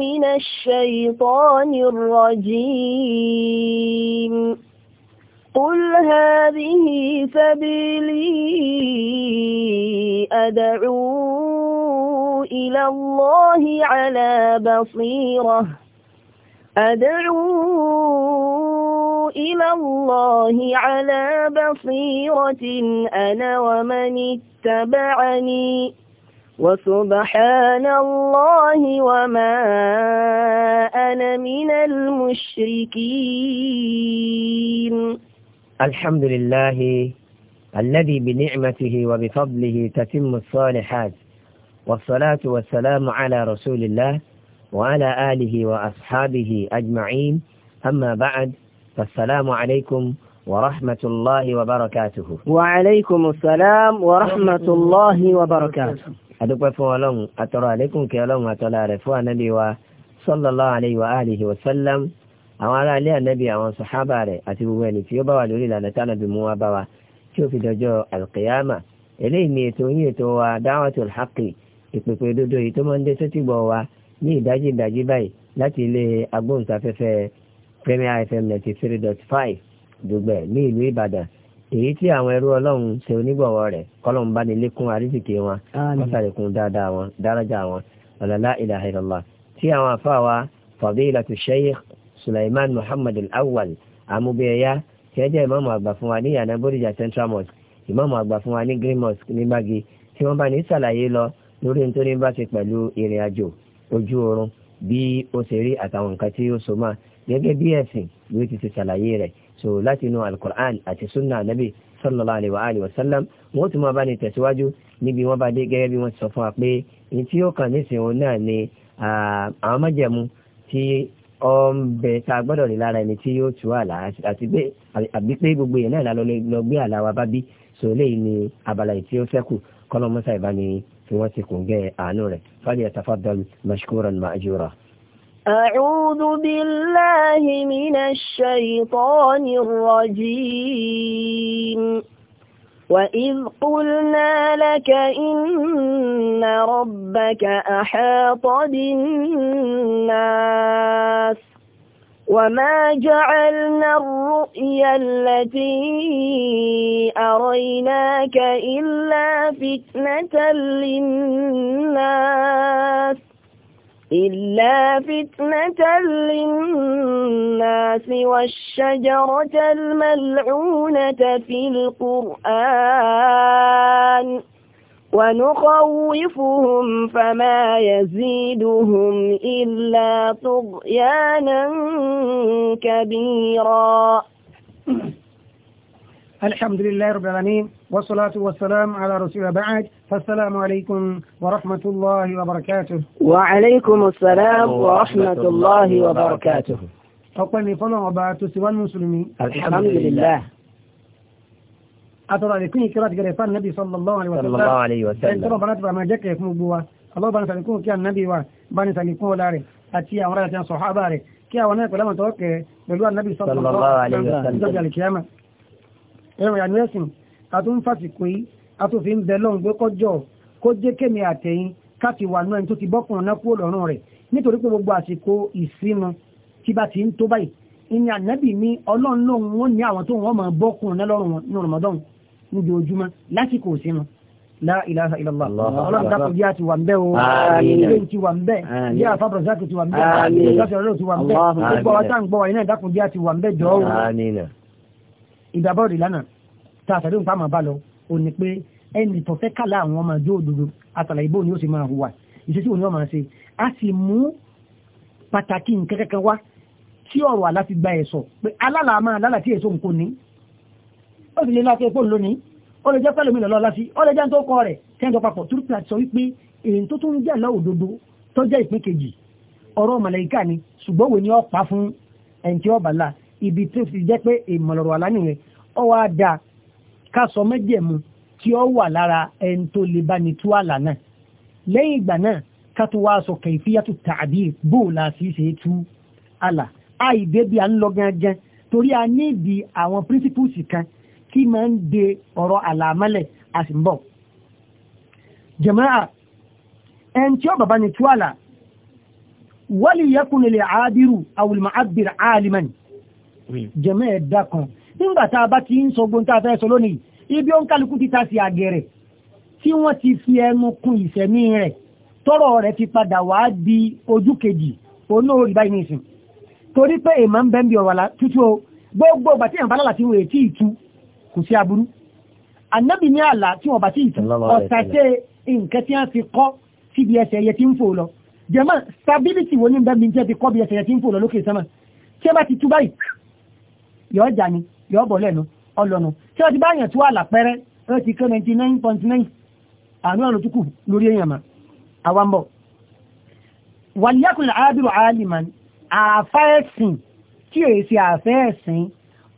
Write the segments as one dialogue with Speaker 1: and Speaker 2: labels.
Speaker 1: من الشيطان الرجيم قل هذه سبيلي أدعو إلى الله على بصيرة أدعو إلى الله على بصيرة أنا ومن اتبعني وسبحان الله وما أنا من المشركين
Speaker 2: الحمد لله الذي بنعمته وبفضله تتم الصالحات والصلاة والسلام على رسول الله وعلى آله وأصحابه أجمعين أما بعد فالسلام عليكم ورحمة الله وبركاته
Speaker 1: وعليكم السلام
Speaker 2: ورحمة الله وبركاته adúpẹ́ fún ọlọ́run àtọrọ àlékún kí ọlọ́run àtọ́lá rẹ̀ fún ànábì wa sallallahu alayhi wa alihi wa sallam àwọn ará ilé ànábì àwọn sàhábà rẹ̀ àti gbogbo ẹni tí ó bá wà lórí ìlànà tánàbì mú wa bá wa tí ó fi dọjọ́ alkiyama eléyìí ni ètò yín ètò wa dáwàtul haqqi ìpèpè dodo yìí tó máa ń dé sétí gbọ̀ wa ní ìdájí ìdájí báyìí láti ilé agbóhùnsáfẹ́fẹ́ Premier FM ninety three dot five dùgbẹ̀ ní ìlú Ìbàdàn èyí tí àwọn ẹrú ọlọ́run ṣe onígbọ̀wọ́ rẹ̀ kọ́lọ́n bá ní lékún àríṣìkè wọn kọ́sàrìkún dáadáa wọn dáràjà wọn ọ̀làlá ilaha illallah tí àwọn àfáwa fadilatu sheikh suleiman muhammad al-awwal amúbẹ̀yà tí ẹ jẹ́ ìmáàmù àgbà fún wa ní yàrá bóríjà central mosque ìmáàmù àgbà fún wa ní green mosque ní gbági tí wọ́n bá ní sàlàyé lọ lórí nítorí bá ti pẹ̀lú ìrìn àjò ojú so láti inú alukur'an àti sunna anabi sallallahu alayhi wa alayhi wa sallam wọn tún máa bá ní tẹ̀síwájú níbi wọn bá dé gẹ́gẹ́ bí wọ́n ti sọ fún wa pé ní tí yóò kàn nísìnyí náà ni àwọn májẹ̀mú tí ọ̀nbẹ tá a gbọ́dọ̀ rí lára ẹni tí yóò tú àlá àti pé àbí pé gbogbo èèyàn náà lọ gbé àlá wa bá bí so eléyìí ni abala yìí tí ó fẹ́ kù kọ́lọ́mọ́sá ìbáni fi wọ́n ti kùn gẹ́ àánú rẹ̀ fali yatafaddal mashkuran ma'jura.
Speaker 1: أعوذ بالله من الشيطان الرجيم وإذ قلنا لك إن ربك أحاط بالناس وما جعلنا الرؤيا التي أريناك إلا فتنة للناس إلا فتنة للناس والشجرة الملعونة في القرآن ونخوفهم فما يزيدهم إلا طغيانا كبيراً
Speaker 3: الحمد لله رب العالمين والصلاة والسلام على رسول بعد فالسلام عليكم ورحمة الله وبركاته
Speaker 1: وعليكم
Speaker 3: السلام ورحمة الله وبركاته أقول نفضل وبعد سوى المسلمين الحمد لله أترى لكي كرات قريفان النبي صلى الله عليه وسلم صلى الله عليه وسلم أنت ربنا تبع ما جاك يكون بوا الله بنا سألكون كي النبي وبنا سألكون لاري أتيا وراء صحابة كي أولاك لما توقع بلوى النبي صلى الله عليه وسلم صلى الله عليه وسلم ẹ̀rọ ìyànú ẹ̀sìn àtún fàsìkò yìí àtòfin bẹ lọ́n gbé kọjọ́ kó jẹ́ kémi àtẹ̀yìn káti wà náà tó ti bọ́kùnrin náà kúrò lọ́rùn rẹ̀ nítorí pé gbogbo àsìkò ìsinu tí bá ti ń tó báyìí ìní ànábì mi ọlọ́run lòun ó ní àwọn tó wọ́n máa bọ́kùnrin náà lọ́rùn ní Ramadan níbi ojúmọ́ lásìkò ìsinu la ilaha illallah ọlọ́run dákọ̀ bí a ti wà ń bẹ́ o ilé ti wà ń bẹ́ bí a fábọ̀rọ̀ sáà ti wà ń bẹ́ ilé ìgbàsọ̀rọ̀ ti wà ń bẹ́ gbogbo ọ̀tá ń gbọ́ wa iná dákọ̀ bí a ti wà ń bẹ́ jọ́ o ìgbàbọ̀rì lánàá tá a sàdéhùn pàmò bá lọ ò ní pé ẹnì tó fẹ́ kálá àwọn ọmọ jó òdodo àtàlà ìbò ni ó sì máa hùwà ìṣesí òní ọmọ ṣe a sì mú pàtàkì nkẹ́kẹ́kẹ́ wá tí ọ̀rọ̀ àlá fi gba ẹ̀sọ̀ pé alálà máa lálà tí èso nǹkan ní ó sì lè láti epo lónìí ó lè jẹ́ pẹ́lú mi lọ́lọ́ láti ó lè jẹ́ tó kọ́ rẹ̀ kẹ́ńtọ́ papọ̀ tó ti sọ ibi tó ti jẹ́ pé ìmọ̀lọ̀rọ̀ alánìyàn ọ wá da kásọ mẹ́jẹ̀mú tí ó wà lára ẹni tó lè bá ní tú àlà náà lẹ́yìn ìgbà náà ká tó wá sọ kẹ̀fíyàtò tàbí bóòlà sí ṣe tú àlà àìbébí à ń lọ torí a ní àwọn principles kan tí máa ń de ọ̀rọ̀ àlàmọ́lẹ̀ àsìmbọ̀. jama'a ẹn tí ó bàbá ní tú àlà wali yakun lil abiru aw al mu'abbir aliman Hmm. jẹ́mọ́ ẹ̀dá kan nígbà tá a bá ti ń sọ gbọ́n fẹ́ sọ lónìí ibi ó ń kálukú ti ta sí àgẹ̀rẹ̀ tí wọ́n ti fi ẹnu kun ìsẹ̀mí rẹ̀ tọ́rọ̀ rẹ̀ ti padà wá di ojú kejì olóòrí báyìí nìsín torí pé èèmọ̀ ń bẹ́ ń bi ọ̀rọ̀ tútù o gbogbo ìgbà tí èèmọ̀ bá lálà tí wọ́n ètí ìtú kò sí aburú ànábì ní àlà tí wọ́n bá ti ìtú ọ̀sàṣe nǹkan tí wọ́n fi kọ́ síbi ẹsẹ̀ ẹyẹ jẹ́mọ́ stability wo ní bẹ́ẹ̀ jẹ́ fi kọ́ bí ẹsẹ̀ ẹyẹ tí ń fò lọ lókè sánmà tí wọ́n bá ti tú báyìí yọ ọjà ni yọ bọ̀ lẹ́nu ọlọ́nu tí wọ́n ti báyàn tó wà lápẹ́rẹ́ ó ti kọ́ 99.9 àánú ọ̀nà tukù lórí èèyàn mà àwambọ̀ wàlíyàkùnlẹ̀ arábìrò aliman àfẹ́ẹ̀sìn tí èyí sí àfẹ́ẹ̀sìn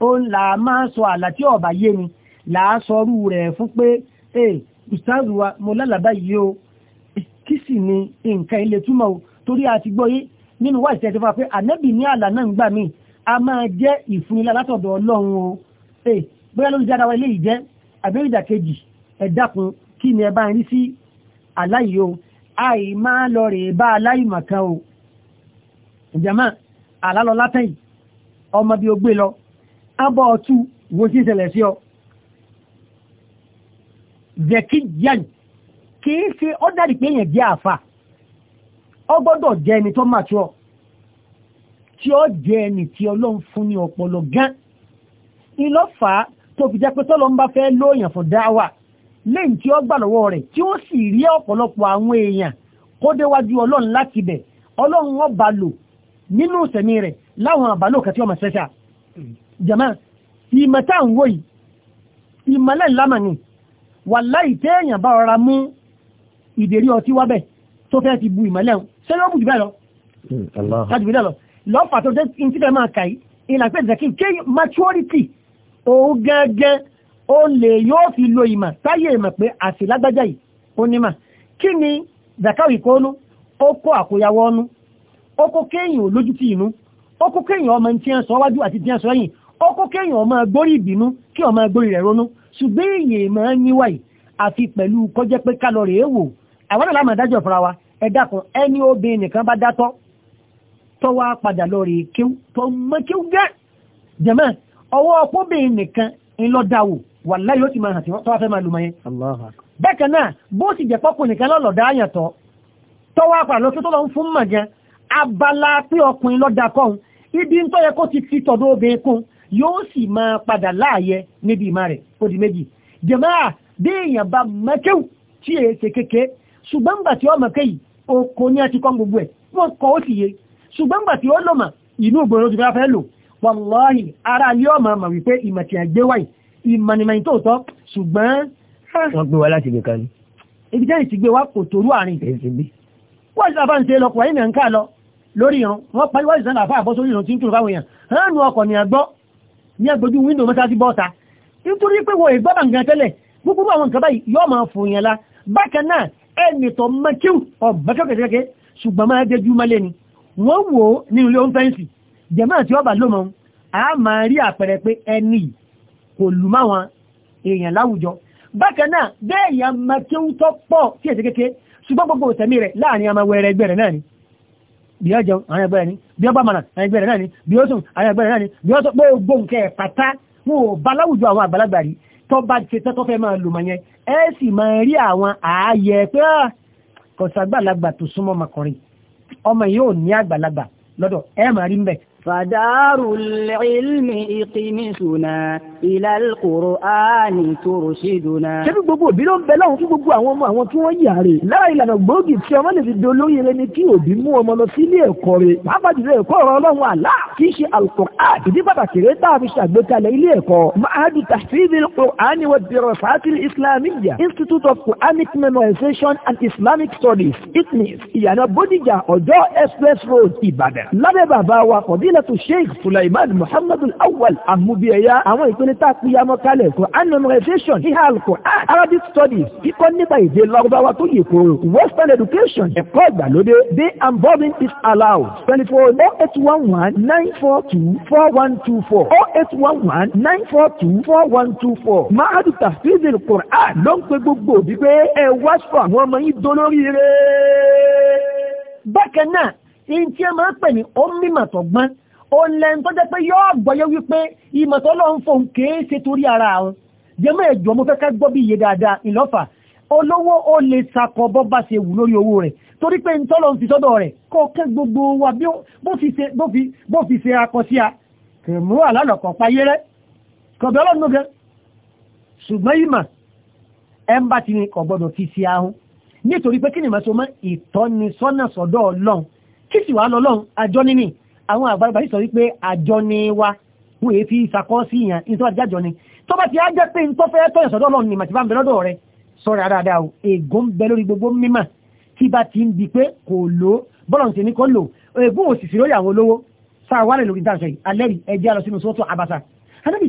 Speaker 3: ó ń là máa sọ àlà tí ọ̀bà yé ni làásọrú rẹ̀ fún pé ee ìsáàrù wa mo lálàbá yìí o kí sì ni nǹkan ilé túmọ̀ o torí a ti gbọ́ yé nínú wáìsẹ̀ tó fà pé ànábì ní àlà náà ń gbà míì a máa jẹ́ ìfúnilá látọ̀dọ̀ ọlọ́run o ẹ bóyá ló ń jẹ́ kí ni ẹ bá o àì máa lọ rè bá aláyìí màkan o ìjàmá àlálọ látẹ̀yìn ọmọ bí o gbé lọ ọtú wo ọ kìí ṣe pé jẹ́ àfà ọ gbọ́dọ̀ jẹ́ ẹni tí ó jẹ́ ẹni tí ọlọ́run fún ní ọpọlọ gán ìlọ́fà tó fi jẹ́ pé tọ́lọ́run bá fẹ́ lóòyàn fún dáwà lẹ́yìn tí ó gbà lọ́wọ́ rẹ̀ tí ó sì rí ọ̀pọ̀lọpọ̀ àwọn èèyàn kó déwájú ọlọ́run láti bẹ̀ ọlọ́run wọn bá lò nínú ìsẹ̀mí rẹ̀ láwọn àbálò kàtí ọmọ ṣẹ́ṣà jama ìmọ̀ta ń wòyí ìmọ̀lẹ̀ lámà ni wà láì tẹ́ bá rọra mú ìdérí ọtí wábẹ̀ tó fẹ́ ti bu ìmọ̀lẹ̀ ṣẹ́yọ́ bù jù bẹ́ẹ̀ lọ hmm, lọ́fà tó jẹ́ tí fẹ́ máa kàí ìlàpẹ́ ìzẹ̀kí ké maturity òun gẹ́gẹ́ ó lè yóò fi lo ìmọ̀ táyé ìmọ̀ pé àti lágbájá yìí ó ní mà kí ni zakawi kónú ó kó àkóyawọ́ ọnú ó kó kéèyàn lójú ti inú ó kó kéèyàn ọmọ tí ń sọ wájú àti tí ń sọ yìn ó kó kéèyàn ọmọ gbórí ìbínú kí ọmọ gbórí rẹ̀ ronú ṣùgbọ́n èèyàn ìmọ̀ níwáyìí àfi pẹ̀lú kọjẹ́ pé kálọ̀rì èèwò àwọn àlámọ̀ dájọ́ fúnra wa ẹ dákun ẹni obìnrin nìkan bá dátọ́ tó wá padà lórí kíw tó mọ́ kíw gẹ́ jẹ́mọ́ ọwọ́ ọpọ́bìnrin nìkan ńlọ́dáwò wà láyé ó ti máa hàn tí wọ́n tọ́wọ́ fẹ́ máa lùmọ́ yẹn bẹ́ẹ̀kan náà bó ti jẹ́ pọ́kùn nìkan lọ́lọ́dá àyàtọ̀ tọ́wọ́ apà lọ tó lọ ń fún mọ̀ gan abala pé ọkùnrin lọ́dà kọ́hun ibi ń tọ́yẹ kó ṣùgbọ́n gbà tí ọmọ kéyì oko ní àti gbogbo ẹ̀ wọ́n kọ́ ó sì yé ṣùgbọ́n gbà tí ó lọ́mà inú ògbòrò ti fẹ́ lò wàláhì ara alẹ́ ọmọ mà wípé ìmọ̀tí àgbéwáì ìmọ̀nìmọ̀ tó tọ́ ṣùgbọ́n wọ́n gbé wa láti gbé kan ní ibi tẹ́yìn ti gbé wa kò torú àárín wọ́n ti sáfà ń ṣe lọ́kọ̀ ẹ̀yìn nǹkan lọ lórí ìran wọ́n parí wọ́n ti sáfà àfà àbọ́ sórí ìran tí ń kúrò fáwọn èèyàn ránù ọkọ̀ ní àgbọ́ ní agbójú wíńdò mọ́sáàtì bọ́ta nítorí pé wọ́n ìgbọ́bà nǹkan tẹ́lẹ̀ gbogbo àwọn nǹkan báyìí yọ́ máa fún yẹn la bákan náà ẹnì tó mọ́kíw ọ̀bẹ́kẹ́kẹ́kẹ́ ṣùgbọ́n máa jẹ́jú mọ́lẹ́ ni wọ́n wò ó ní ilé oúnfẹ́ǹsì jẹ̀mọ́ tí ọba lómọ a máa rí àpẹẹrẹ pé ẹni kò lù máwọn èèyàn láwùjọ bákan náà bẹ́ẹ̀ yà máa kí ó tọ́ pọ̀ kí èsì kéke ṣùgbọ́n gbogbo òtẹ̀mí rẹ̀ láàrin àmà wẹ̀rẹ̀ ẹgbẹ́ náà ni bí ó jẹun àwọn ẹgbẹ́ rẹ̀ ni bí ó bá mànà àwọn ẹgbẹ́ rẹ̀ náà ni bí ó sùn àwọn ẹgbẹ́ náà ni bí ó sọ pé gbogbo nǹkẹ́ pátá wọn ò bá láwùjọ àwọn àgbàlagbà rí tó bá ṣe tẹ́tọ́ fẹ́ máa lò mọ̀ ẹ sì máa rí àwọn ààyè pé ah, kọ̀sàgbàlagbà tó súnmọ́ makọrin ọmọ yóò ní àgbàlagbà lọ́dọ̀ ẹ máa rí mbẹ̀ فدار العلم
Speaker 1: اقمسنا إلى القرآن ترشدنا ṣebí
Speaker 3: gbogbo òbí ló ń bẹ láwọn fún gbogbo àwọn ọmọ àwọn tí wọ́n yà rè lára ìlànà gbòógì tí ọmọ lè fi di olóyè rẹ ni kí òbí mú ọmọ lọ sí ilé ẹ̀kọ́ rẹ̀ pàápàá jùlọ ẹ̀kọ́ ọ̀rọ̀ ọlọ́run àlá kì í ṣe alukur'an ìdí pàtàkì rẹ̀ tá a fi ṣàgbékalẹ̀ ilé ẹ̀kọ́ mahadu tahfiz al-Qur'an wa dirasat al institute of Quranic memorization and Islamic studies itnis ìyànà bódìjà ọjọ́ express road Ìbàdàn lábẹ́ bàbá wa kọ̀dí fadilatu sheikh sulaiman muhammadu awal amubiyaya àwọn ìpele tá a píya mọ́ kalẹ̀ for anonymization hiha alquran arabic studies kíkọ́ nípa èdè lọ́gbàwá tó yè kóró western education ẹ̀kọ́ ìgbàlódé day and bobbing is allowed twenty four oh eight one one nine four two four one two four oh eight one one nine four two four one two four mahadu tafsir alquran ló ń pe gbogbo òbí pé ẹ wá sọ àwọn ọmọ yìí dolórí rẹ̀. bákan náà ìyẹn tí a máa ń pè ní omi màtọ̀gbọ́n ó lẹ́n tó jẹ́ pé yóò gbọ́yẹ́ wípé ìmọ̀tọ́lọ́ ń fòun kèé ṣe torí ara àwọn jẹ́mọ́ ẹ̀jọ́ mo fẹ́kẹ́ gbọ́ bí iye dáadáa ìlọ́fà olówó ó lè sakọ̀ bọ́ bá ṣe wù lórí owó rẹ̀ torí pé ìtọ́lọ́ ń fi sọ́dọ̀ rẹ̀ kọ́kẹ́ gbogbo wa bó fi ṣe akọ sí a kẹmú àlálọ̀kọ̀ payé rẹ̀ kọ̀bẹ̀ ọlọ́nùgẹ́ ṣùgbọ́n ìmọ̀ ẹ ń bá ti ní ni ọlọ́run kí sì wá àwọn àgbàlagbà yìí sọ wípé àjọ ni wa wọ́n èé fi ìsàkọ́ sí ìyàn ní tó bá jájọ ni tó bá ti á jẹ́ pé n tó fẹ́ tọ́yàn sọ́dọ̀ ọlọ́run ni màtí bá ń bẹ lọ́dọ̀ rẹ sọ̀rọ̀ àdáadáa o ègò ń bẹ lórí gbogbo mímọ̀ tí bá ti ń di pé kò lò bọ́lọ̀ ní tèmi kò lò ègbó òsìsì lórí àwọn olówó sáà wálẹ̀ lórí dáńsọ yìí alẹ́ rí ẹjẹ́ lọ sínú sọ́tọ̀ àbàtà anábì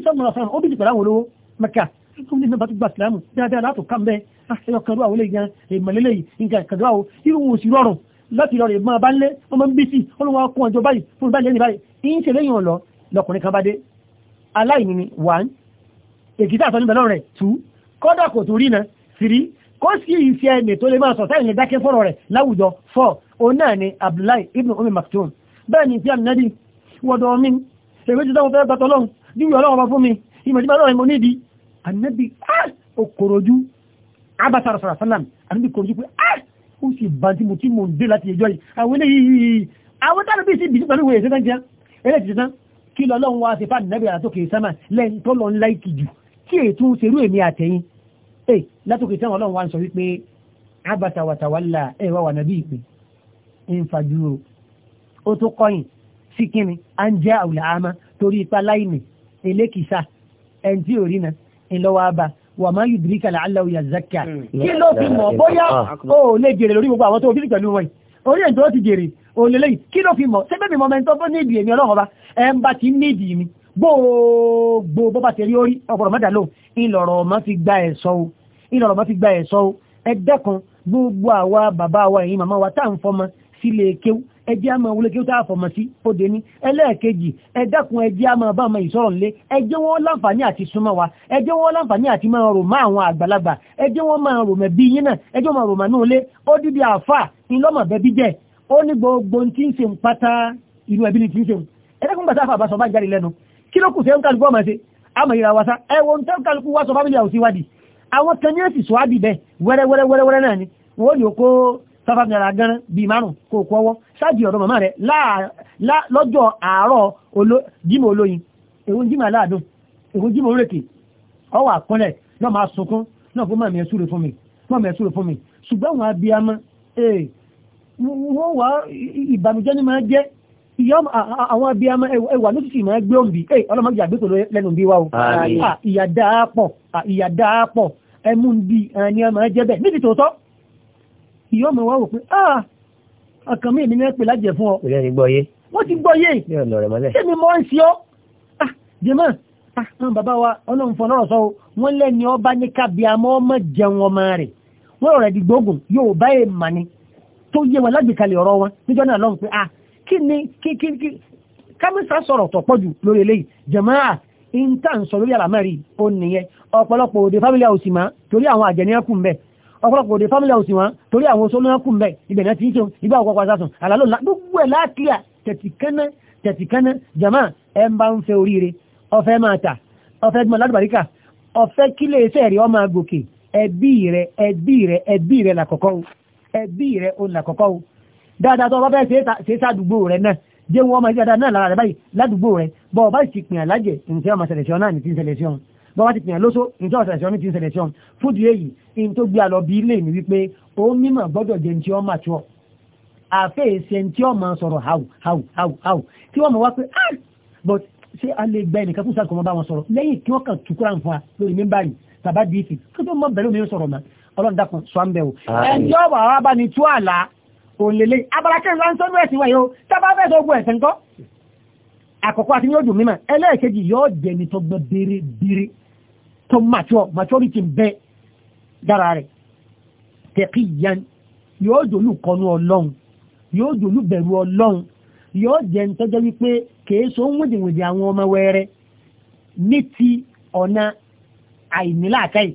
Speaker 3: láti lọ rè máa bá lé ọmọ bí sí olùwà kún ọjọ́ báyìí fún báyìí lẹ́ni báyìí ìyìn ṣe lẹ́yìn ọ̀lọ́ lọkùnrin kan bá dé aláìní ni one èkìtà àtọ́ níbẹ̀ lọ́rẹ̀ two kọ́dà kò tó rí na three kó sì ìfẹ́ ẹni tó lè máa sọ táyìn lè dákẹ́ fọ́rọ̀ rẹ̀ láwùjọ four òun náà ni Abdullahi ibn Umm Maktum bẹ́ẹ̀ ni ìfẹ́ àmì wọ́dọ̀ mi èmi ti dáwọn fẹ́ bàtọ́ lọ́hùn níwọ̀ ọlọ́wọ́ bá fún mi ìmọ̀ ìjọba lọ́rẹ̀ mo nídi ànábì á okòròjú abasarasara sálàm ànábì kòròjú pé á ah! ó sì bá tí mo tí mo ń dé láti ẹjọ́ yìí àwọn eléyìí àwọn tánà bí sí ìbìsí pẹ̀lú ìwé ìṣẹ́tàn jẹ́ eré ti tán kí lọ lọ́run wá sí fáàdì nẹ́bẹ̀ àtòkè sẹ́mà lẹ́yìn tó lọ ńlá ìkì jù kí ètò ń serú èmi àtẹ̀yìn ẹ látòkè sẹ́wọ̀n ọlọ́run wá ń sọ wípé abata wàtàwálà ẹ wà wà nàbí ìpè ń fàjúrò ó tó kọyìn sí kíni à ń jẹ́ àwùlà àmà torí ipa láìní elékìsà ẹni tí ò rí wà máa yìí bìríkà làálẹ̀ òyà zaka hmm. kí ló fi mọ̀ bóyá ó lè jèrè lórí gbogbo àwọn tó fi pẹ̀lú wọn orí ẹ̀ tó ti jèrè ó lè lẹ́yìn kí ló fi mọ̀ sẹ́gbẹ́ mi mọ̀mẹ́ tó nídìí èmi ọlọ́run ọba ẹ̀ ń bá ti nídìí mi gbogbo bó bá ti rí orí ọ̀pọ̀lọpọ̀ mẹ́ta lò ìlọ̀rọ̀ ma fi gba ẹ̀sọ́ o ìlọ̀rọ̀ ma fi gba ẹ̀sọ́ o ẹ ẹjẹ́ àmọ́ wọlé kí ó tá àfọ̀mọ́ sí ó dé ní ẹlẹ́ẹ̀kejì ẹ̀dẹ́kun ẹjẹ́ àmọ́ bá ọmọ ìsọ̀rọ̀ ńlé ẹjẹ́ wọn láǹfààní àti súnmọ́ wa ẹjẹ́ wọn láǹfààní àti máa rò má àwọn àgbàlagbà ẹjẹ́ wọn máa rò mẹ́bí yín náà ẹjẹ́ wọn máa rò mánú ilé ó dídí àfà ńlọ́mọ̀ bẹ́bí jẹ́ ó ní gbogbo tí ń ṣe ń pátá inú ẹbí ni tí ń ṣe ń ẹ̀dẹ́kun tọ́fà mìíràn agánrán bíi márùn kó kọ́ ọwọ́ ṣáàjì ọ̀dọ̀ màmá rẹ̀ lọ́jọ́ àárọ̀ jímọ̀ olóyin èwo jímọ̀ aláàdùn èwo jímọ̀ orékè ọwọ́ àkúnlẹ̀ náà máa sunkún náà fún màmí ẹ̀sùrè fún mi màmí ẹ̀sùrè fún mi ṣùgbọ́n àwọn abiyamọ ee eh, wọ́n wá ìbànújẹ́ ni máa jẹ́ ìyá àwọn abiyamọ ẹwà ló sì máa gbé òǹbí ee eh, ọlọ́mọdé àgbékò lẹ́nu bí wa o ah, ìyàdá pọ̀ ah, ìyàdá pọ̀ ẹmú ń bí ìyọ́ mọ̀ wá wò pé ah ọkàn mi èmi ní pè lájẹ̀ fún ọ. ìrẹ́ ni gbọ́yé. wọ́n ti gbọ́yé. ní ọ̀nà rẹ̀ mọ́lẹ̀. sẹ́mi mọ́ ń ṣe ọ́. Ah, jẹ́mọ́ ah, àwọn bàbá wa ọlọ́run fọ́n lọ́rọ̀ sọ o wọ́n lẹ́ni ọba ní kábíà mọ́ ọmọ jẹun ọmọ rẹ̀ wọ́n rọ̀ ẹ̀dì gbógun yóò bá ẹ̀ mà ní tó yé wọn lágbèkalẹ̀ ọ̀rọ̀ wọn níjọ́ náà lọ́run pé ah kí ni kí kí kí kámísà sọ̀rọ̀ tó pọ̀ jù lórí eléyìí jẹ̀mọ́ à ń tà ń sọ lórí àlámẹ́rì ó nìyẹn ọ̀pọ̀lọpọ̀ òde fámílì àwòsì torí àwọn àjẹníyàn kù ń bẹ́ẹ̀ ọ̀pọ̀lọpọ̀ òde family house wọn torí àwọn oṣù náà kùn bẹ́ẹ̀ ibẹ̀ náà ti ń ṣe ìgbà ọkọ̀ ọkọ̀ sásùn àlálò gbogbo ẹ̀ láàkíyà tẹ̀tìkánná tẹ̀tìkánná jama ẹ̀ ń bá ń fẹ́ oríire ọ̀fẹ́ máa tà ọ̀fẹ́ gbọ́n ládùbàríkà ọ̀fẹ́ kílé iṣẹ́ rẹ̀ ọmọ agòkè ẹbí rẹ̀ ẹbí rẹ̀ ẹbí rẹ̀ làkọ̀kọ́ o ẹbí rẹ̀ o làkọ̀kọ́ o dáadáa tó bọ́wá ti pìyàn lóṣó ìjọ ọ̀sẹ̀lẹ̀sẹ̀ omi ti ń sẹ̀lẹ̀sẹ̀ ọ̀n fúdù èyí in tó gbé alọ bí ilé mi wípé ó mímọ̀ gbọ́dọ̀ jẹ́ ti ọmọ àtúọ̀ àfẹ́ ìṣe tí ọmọ sọ̀rọ̀ hàù hàù hàù hàù tí wọ́n mọ̀ wá pé ah but ṣé a lè gba ẹnìkan fún sàkómọ́ bá wọn sọ̀rọ̀ lẹ́yìn kí wọ́n kàn tukura ń fún wa lórí mímbà yìí tàbá di ìfì kí tó mọ bẹ̀rẹ̀ omi o ẹnjọ́ wà wá bá ní tú àlá òǹlẹ̀lẹ̀ abala kẹrin láń sọ́dún ẹ̀sìn wáyé o tábà bẹ́ẹ̀ tó tó mature maturity bẹ dára rẹ̀ tẹ̀kíyan yóò jòlú kọnu ọlọ́run yóò jòlú bẹ̀rù ọlọ́run yóò jẹ́ nítọ́jọ́ wípé kèéso ń wèdèwèdè àwọn ọmọ wẹ́rẹ́ ní ti ọ̀nà àìníláàkáì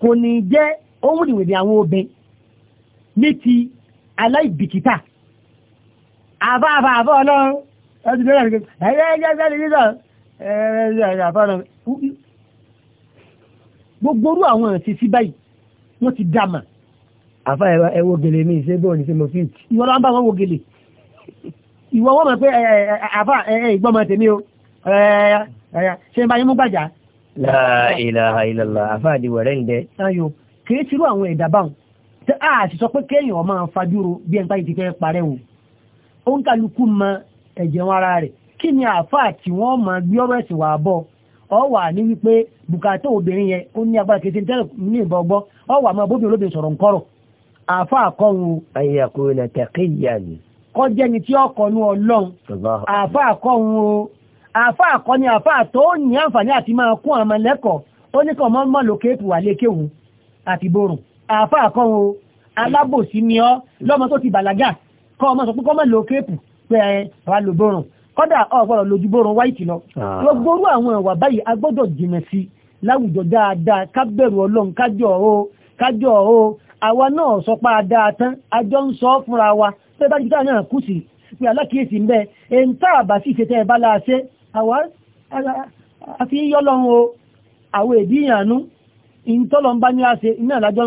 Speaker 3: kò ní jẹ́ ó wèdèwèdè àwọn obìnrin ní ti aláìbìkítà àbá àbá àbá ọlọ́run ẹ ti bẹ́rẹ̀ ẹ̀yẹ́ ẹ̀yẹ́ ẹ̀yẹ́ ẹ̀yẹ́ Eh, gbogbo orú àwọn ẹ̀sìn sí báyìí wọ́n ti dámà àfá ẹwọ gèlè mi ṣe bọ́ọ̀ ní sí mo fíìtì ìwọ lọ́n bá wọn wo gèlè ìwọ wọ́n mọ̀ pé àfá ìgbọ́mọ̀ tèmi o ṣe ń bá yín mú gbàjá
Speaker 2: la ilaha illallah àfá àdìwọ̀
Speaker 3: rẹ̀ ń dẹ ayo kìí tirú àwọn ẹ̀dà báwọn tí a sì sọ pé kéèyàn máa fajúro bí ẹgbá yìí ti fẹ́ parẹ́ wọn ó ń kálukú mọ ẹ̀jẹ̀ wọn ara rẹ̀ kí ni àáfàá tí wọ́n mọ̀ gbé ọ̀rọ̀ ẹ̀sìn wà bọ̀ ọ wà ní wípé bùkátà obìnrin yẹn ó ní agbára kìí tẹ́lẹ̀ ní ìbọn ọgbọ́ ọ wà mọ́ bóbi olóbìnrin sọ̀rọ̀ nkọ́rọ̀ àáfàá kọ́run ayakuna taqiyan kọjẹ́ ni tí ọkọ̀ ní ọlọ́run àáfàá kọ́run o àáfàá kọ́ ni àáfàá tó ní àǹfààní àti máa kún àmọ́ lẹ́kọ̀ọ́ ó ní kàn mọ́ lókèépù wà lékèwù àti borùn àáfàá kọ́run o alábòsí ni ọ lọ́mọ tó ti bàlágà kọ́ ọmọ kọ́dà ọ̀gbọ́dọ̀ lójúbórun wáìtì lọ ah. gbogbo orú àwọn ẹ̀wà báyìí a gbọ́dọ̀ jìnà sí láwùjọ dáadáa ká bẹ̀rù ọlọ́run o kájọ o àwa náà sọ pa dáa tán ń sọ fúnra wa pé bá jìkítà náà kù sí pé ń tá àbá o àwọn èdè iná ń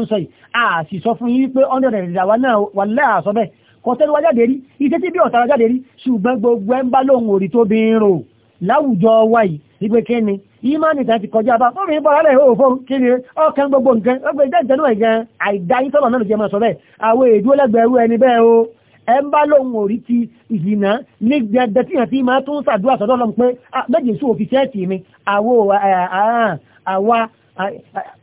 Speaker 3: sọ yìí fún pé 100 náà wà kò tẹ́lú wa jáde rí iṣẹ́ tí bí ọ̀tara jáde rí ṣùgbọ́n gbogbo ẹ̀ ń bá lóhun òrì tó bí ń rò láwùjọ wa yìí wípé kí ni ìmánì kan ti kọjá bá fún mi fún kí gbogbo nǹkan ọgbẹ́ ìjẹ́ gan àìdá sọ́nà jẹ́ máa sọ bẹ́ẹ̀ àwọn o ẹ ń bá lóhun ti ìdìnà ní dandan tí máa tún ṣàdúrà sọ́dọ̀ lọ́n pé ah, méje òfin ṣẹ́ẹ̀tì mi àwa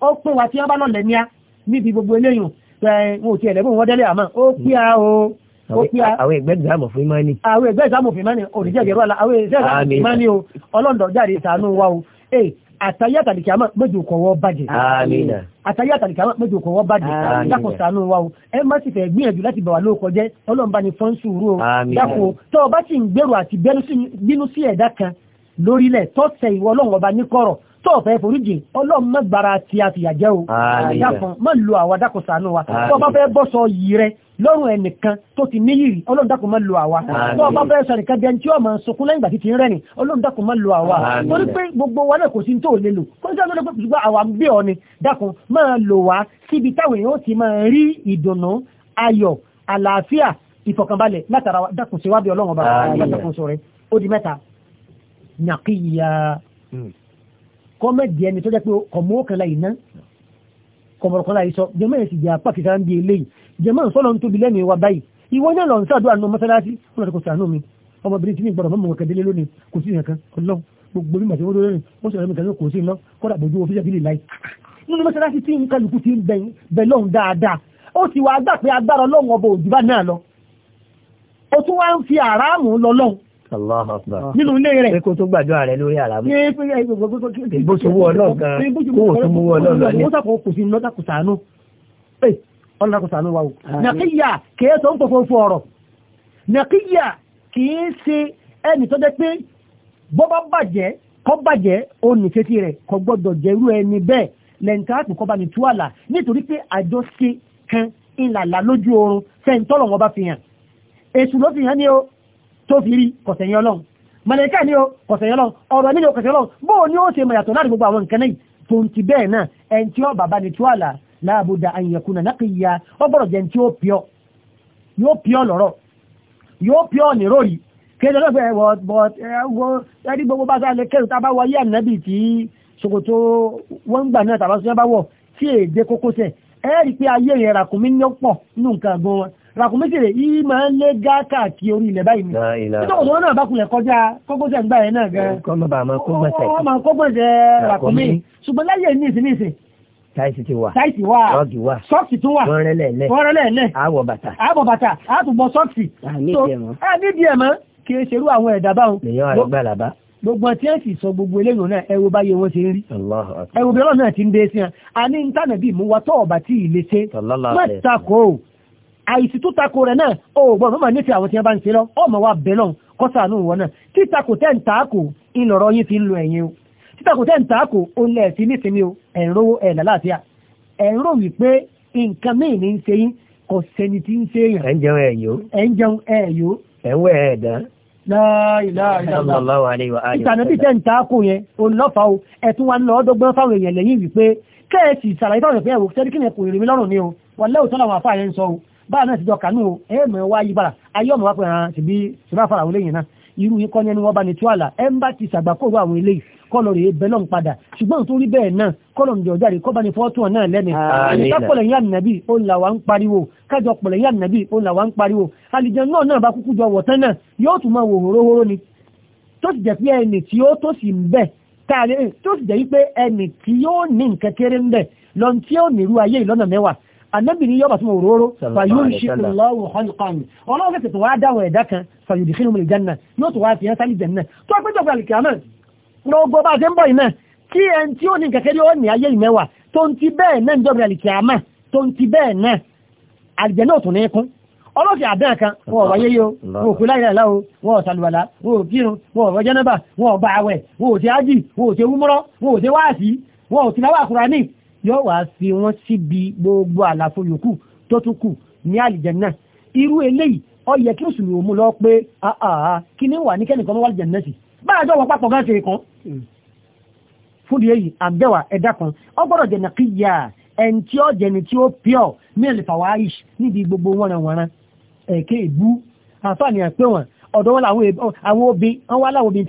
Speaker 3: ó pín wa tí wọ́n bá níbi gbogbo eléyìn wọn ò tiẹ̀ lẹ́bùn wọ́n dẹ́lẹ̀ àmọ́ ó àwọn ẹgbẹ́ ìdámọ̀ fún imáni àwọn ẹgbẹ́ ìdámọ̀ fún imáni òdíjẹ́ ìjẹ́rọ àlà àwọn ẹgbẹ́ ìdámọ̀ fún imáni o ọlọ́ndọ̀ jáde ìtànú wa o ee àtàyé àtàlìkì àmà méjì òkòwò bàjẹ́ àtàyé àtàlìkì àmà méjì òkòwò bàjẹ́ dákò sànú wa o ẹ má sì fẹ́ gbìyànjú láti bàwà lóòkọ jẹ́ ọlọ́mbà ni fọ́n sùúrù o dákò tó o bá sì ń gbèrò àti bínú sí ẹ̀dá kan lórílẹ̀ tọ́sẹ̀ ìwọ ọlọ́run ọba ní kọ̀rọ̀ tọ́ọ̀fẹ́ foríjì ọlọ́run mọ́gbàrá ti àfìyàjẹ́ o dákò má lo àwọn dákò sànú wa tó o bá fẹ́ bọ́ sọ yìí rẹ lọ́rùn ẹnìkan tó ti níyìí ọlọ́run dákun má lò àwa tó ọba bẹ́ẹ̀ sọ nìkan jẹun tí ó máa sunkún lẹ́yìn ìgbà tí ti ń rẹ́ni ọlọ́run dákun lò àwa torí pé gbogbo wa náà kò sí tó lè lò kó sí àwọn olóògbé ṣùgbọ́n àwa ń gbé ọ ni dákun máa lò wá síbi táwọn èèyàn ti máa rí ìdùnnú ayọ̀ àlàáfíà ìfọ̀kànbalẹ̀ látara dákun sí wábí ọlọ́run ọba látàkùn sọ rẹ ó di mẹ́ta kọmọrọkọlá yìí sọ jẹmọ́ ẹ̀sì jẹ́ apá kìtà ń bí eléyìí jẹmọ́ ìsọ́lọ ń tóbi lẹ́nu ìwà báyìí ìwọ náà lọ ń sáàdúrà nù mọ́sálásí wọn àti kò sàánú mi ọmọbìnrin tí mi gbọdọ̀ mọ́ mọ̀kẹ́délé lónìí kò sí ìyànkan ọlọ́run gbogbo bí màtí wọ́n lórí wọ́n sọ̀rọ̀ mi kan kò sí iná kọ́dà bójú wọn fi Allahu Akbar. Ah. Nínú ilé rẹ̀. Pé kó tó gbàdúrà rẹ̀ lórí àlámù. Ṣé pé ìbò o tó mú ọlọ́ọ̀lọ́ ní. Ó sàkó kò sí iná kò sànú. Ọlọ́run kò sànú wa o. Nàkíyà kìí sọ ń pòfo fún ọ̀rọ̀. Nàkíyà kìí ṣe ẹni tó jẹ́ pé bọ́ bá bàjẹ́ kọ́ bàjẹ́ onìkẹ́tì rẹ̀ kọ́ gbọ́dọ̀ jẹ́ irú ẹni bẹ́ẹ̀ lẹ́ǹtàkù kọ́ bá ní tú àlà nítorí pé àjọṣe kan ìlàlà lójú oorun fẹ́ǹtọ́lọ̀ wọn bá fi hàn. Èṣù ló fi hàn ní o tó fi rí kọ̀sẹ̀yìn ọlọ́run mọ̀lẹ́kà ní o kọ̀sẹ̀yìn ọlọ́run ọ̀rọ̀ nílò kọ̀sẹ̀yìn ọlọ́run bóò ní ó ṣe mọ̀yàtọ̀ láti gbogbo àwọn nǹkan náà tó ń ti bẹ́ẹ̀ náà ẹn tí ó bàbá ni tíwàlà láàbùdà àyẹ̀kùnà lákìyà ó gbọ́dọ̀ jẹ́ tí ó pìọ́ yóò pìọ́ lọ́rọ̀ yóò pìọ́ nírò yìí kéde lọ́fẹ̀ wọ ẹni gbogbo bá sáré ràkùn méjèèrè yìí máa ń lé gá káàkiri orí ilẹ̀ báyìí nítorí òṣèré náà bákulẹ̀ kọjá kókóṣẹ́ ìgbà yẹn náà gan-an kọ́
Speaker 2: mọ́ bá máa kógbọ̀nsẹ̀ kọ́ máa
Speaker 3: kógbọ̀nsẹ̀ ràkùn mi ṣùgbọ́n láyé níìsín níìsín táìsì ti wà táìsì wà sọ́ọ̀kì wà sọ́ọ̀kì tún wà wọ́nrẹ́lẹ̀ẹ́lẹ̀ wọ́nrẹ́lẹ̀ẹ́lẹ̀ àwọ̀ bàtà àwọ̀ bàtà àtùbọ̀ sọ́ọ̀kì nídìí ẹ̀mọ́ kí é ṣerú àwọn ẹ̀dà báwọn lèyàn àrẹ́gbàlàbá gbogbo tí ẹ̀ sọ gbogbo eléyìn náà ẹwọ báyé wọ́n ti ń rí ẹwọ bí ọlọ́run náà ti ń dé sí wọn a ní ìtànà mú wa tọ́ ọ̀bà tí ì lè ṣe mọ́tàkó àìsí tó takò rẹ̀ náà ó gbọ́dọ̀ mọ́mọ́ nífẹ̀ẹ́ àwọn tí wọ́n bá ń ṣe lọ ọmọ wa bẹ̀ lọ́n kọ́sàánú wọn náà títakò tẹ́ ń tàákò ìlọ̀rọ̀ yín fi ń lo ẹ̀yìn o títakò tẹ́ ń tàákò ó lẹ̀ sí nísìnyí o ẹ̀rọ ẹ̀là láàfíà ẹ̀rọ wípé nǹkan míì ní ń ṣe yín kò sẹ́ni tí ń ṣe yàn. ẹ̀ ń jẹun ẹ̀yọ́. ẹ̀ ń jẹun ẹ̀yọ́. ẹ̀ ń wẹ̀ ẹ̀dán. ìtànàbí tẹ́ ń tàákò yẹn olùlọ́fà o ẹ̀tún wa ń lọ ọdọ́gbọ́n fáwọn èèyàn lẹ́yìn wípé kẹ́ẹ̀sì ìsàlàyé fáwọn èèyàn pé ẹ̀wò sẹ́ríkìnì kò rìn mí lọ́rùn ni o wà lẹ́wọ̀tọ́ làwọn àfáà yẹn ń sọ o báà náà ti jọ kànú ẹ̀mọ̀ wá yí bára ayé ọmọ wá pé ẹran tìbí ṣùgbọ́n àwọn eléyìn náà irú yìí kọ́ ní ẹni wọ́n bá ní tí wàhálà ẹ̀ ń bá ti ṣàgbákòrò àwọn eléyìí kọ́lọ̀ rèé bẹ́lọ̀ ń padà ṣùgbọ́n tó rí bẹ́ẹ̀ náà kọ́lọ̀ ń jọjá rèé kọ́bá ní fọ́tún ọ̀ náà lẹ́nu ìkápọ̀lẹ̀ yá nàbí ó là wá ń pariwo kájọ pọ̀lẹ̀ ni tó sì jẹ́ lọ́n tí ó nírú ayé ìlọ́nà mẹ́wàá anábì ní yọba tí mo róró fàyóríṣìláwò halkan ọlọ́wọ́ kẹsẹ̀ tó wá dáwọ̀ ẹ̀dá kan fàyòdìkínú mìlì janna yóò tó wá fi hàn sálì janna tó pẹ́jọ pẹ̀lú kìámẹ́ gbogbo bá ṣe ń bọ̀ iná kí ẹn tí ó ní kẹkẹrí ó ní ayé ìmẹ́wà tó ń ti bẹ́ẹ̀ náà jọ pẹ̀lú kìámẹ́ tó ń ti bẹ́ẹ̀ náà yóò wá fi wọ́n síbi gbogbo àlàfo yòókù tó tún kù ní àlìjẹ̀nà irú eléyìí ó yẹ kí òsùn òmú lọ pé àà ah, ah, ah, kí ní wà ní kẹ́nìkan wà àlìjẹ̀nà sí báyàjọ́ wọn papọ̀ gáàsì kan hmm. fún di èyí àbẹ́wà ẹ̀dá kan ó gbọ́dọ̀ jẹ̀nà kí yà ẹni tí ó jẹni tí ó pure ní ẹ̀lẹ́fàwáìṣ níbi gbogbo wọ́nranwọ́nran ẹ̀kẹ́ ìbú àfààní àpé wọn ọ̀dọ́ wọn làwọn obì wọn wá láwọn obì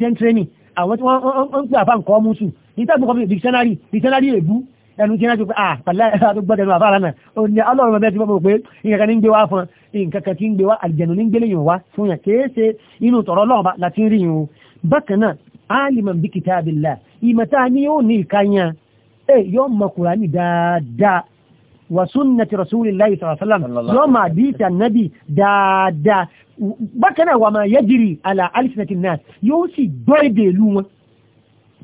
Speaker 3: dictionary dictionary èbú ẹnu jẹ́ láti pé à pàlá ẹ̀rọ tó gbọ́dẹ̀ náà fára náà ó ní ọlọ́run ọmọ bẹ́ẹ̀ ti mọ́ pé nǹkan kan ní ń gbé wá fún nǹkan kan tí ń gbé wá àlìjẹ̀nù ní ń gbélé yìí wá fún yàn kéése inú tọ̀rọ̀ ọlọ́ọ̀ba láti rí yìí o bákan náà aliman bi kitabillah ìmọ̀ta ni yóò ní ìkanya ẹ yóò mọ Kùránì dáadáa wa sunnati rasulillahi sallallahu alaihi wasallam yóò máa bí ìtàn nábì dáadáa bákan náà wà máa yajiri ala alsinati nas yóò sì gbọ́ èdè ìlú wọn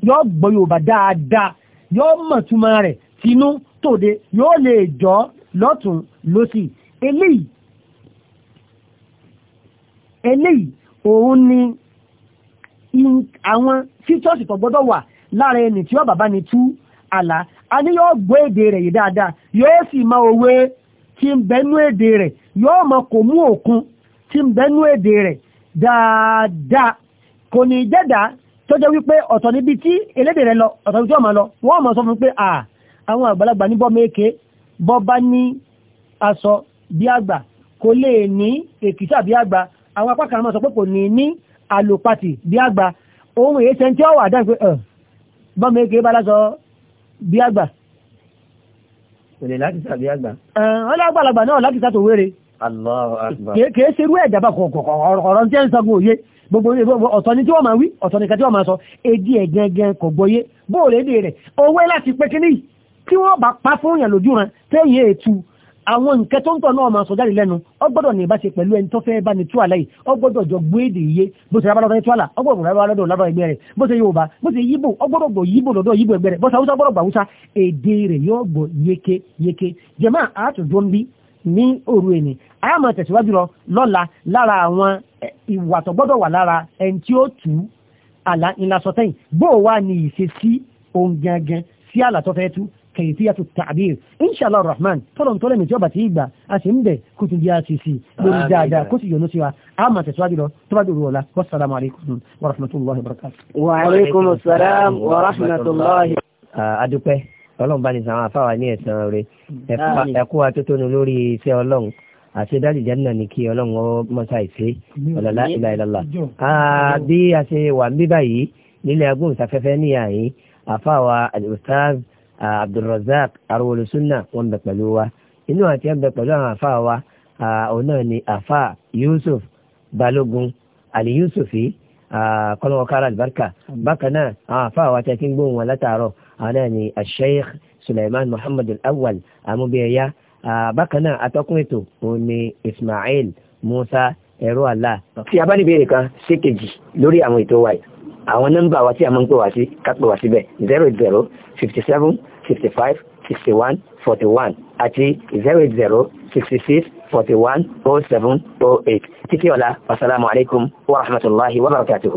Speaker 3: yóò gbọ́ Yorùbá dáadáa yóò mọ̀túnmọ̀ rẹ̀ tinú tòde yóò lè jọ lọ́tún lọ́sì eléyìí òun ni àwọn fíjọ́sì tó gbọ́dọ̀ wà lára ẹni tí wọ́n bàbá ni tú àlá a ní yóò gbọ́ èdè rẹ̀ yìí dáadáa yóò sì ma òwe tí ń bẹnú èdè rẹ̀ yóò mọ kò mú òkun tí ń bẹnú èdè rẹ̀ dáadáa kò ní jẹ́dàá tó jẹ́ wípé ọ̀tọ̀ níbi tí elédè rẹ lọ ọ̀tọ̀ níbi tí ọmọ lọ wọ́n mọ̀ sọ fún pé à àwọn àgbàlagbà ní bọ́mọ èké bọ́ bá ní aṣọ bí àgbà kò lè ní èkìtà bí àgbà àwọn apá kan mọ̀ sọ pé kò ní ní àlòpatì bí àgbà ohun èyí ṣe ń tí ó wà dáhùn ẹ̀ bọ́mọ èké bá lásọ bí àgbà.
Speaker 2: kò lè láti sà bí àgbà.
Speaker 3: ọ̀hún náà láti sà tó wéré kìí ṣe irú ẹ̀dàbà ọ̀rọ̀ tí ẹ̀ ń sọ gbòòye gbogbo ọ̀tọ̀ tí wọ́n máa wí ọ̀tọ̀ ni kẹtí wọ́n máa sọ èdè ẹ̀ kò gbọ́yé bóòlù èdè rẹ̀ owó láti pé kíní tí wọ́n bá pa fún yàn lójú ran téèyàn ètù àwọn nǹkan tó ń tọ̀ náà máa sọ jáde lẹ́nu ó gbọ́dọ̀ ní ìbáṣe pẹ̀lú ẹni tó fẹ́ bá ní tú yìí ó gbọ́dọ̀ jọ gbé èdè iye bó ṣe rábàlọ́dọ̀ tú àlà ó gbọ́dọ̀ rábàlọ́dọ̀ lọ́dọ̀ ẹgbẹ́ rẹ̀ bó ṣe Yorùbá bó ṣe yíbò ó gbọ́dọ̀ gbọ́ yíbò lọ́dọ̀ yíbò ẹgbẹ́ rẹ̀ bó ṣe Haúsá gbọ́dọ̀ gbà Haúsá èdè rẹ̀ yóò gbọ́ yékéyéké jẹ̀má àtúndó ń bí ní òru èní a máa tẹ̀síwájú lọ lọ́la lára àwọn eh, ìwà tó gbọ́dọ̀ wà lára ẹni tí ó tú àlá ìlàsọ̀tẹ́yìn bó wà ní ìṣe sí ohun gangan sí àlá tó fẹ́ tú kẹ̀yìfíyàtò tàbír inṣàlá rahman tọ́lọ̀n tọ́lẹ̀ mi tí ó bá ti gbà a sì ń bẹ̀ kó ti di àṣìṣì lórí dáadáa kó sì yọ̀nú sí wa a máa tẹ̀síwájú lọ tó bá dòrò ọ̀la wassalamu alaikum wa rahmatullahi wa barakatuh.
Speaker 2: wa alaikum assalam wa rahmatullahi. adúpẹ́ ọlọ́run bá ní sàn àfáwà ní ẹ̀sán rẹ̀ ẹ̀kú atótónu lórí iṣẹ́ ọlọ́run àti dájú jẹ́nà ní kí ọlọ́run ó mọ́ta ìṣe ọ̀lọ́lá ìlà ìlọ́lá. bí a ṣe wà ń bí báyìí nílẹ̀ agbóhùnsáfẹ́fẹ́ níyà yìí àfáwà al-Ustaz Abdulrazak Arwolu Sunna wọn bẹ pẹ̀lú wa inú àti ẹ̀ bẹ pẹ̀lú àwọn àfáwà òun náà ni àfá Yusuf Balógun Ali Yusufi kọ́lọ́wọ́kára àlùbáríkà bákan náà àwọn àfáwà tẹ́kí ń gbóhùn wọn àná ni Sheikh Suleiman Muhammad Al-Awwal amúbíyẹyà bákan náà atọ́kùn ètò òun ni Ismail Musa ẹ̀rọ àlá. tí a bá ní ìbéèrè kan ṣé kejì lórí àwọn ètò wa yìí àwọn nọ́mbà wa tí a máa ń pè wá sí ká pè wá síbẹ̀ zero eight zero fifty seven fifty five sixty one forty one àti zero zero sixty six forty one oh seven oh eight títí ọ̀la wasalaamualeykum wa rahmatulahi wa barakatuhu.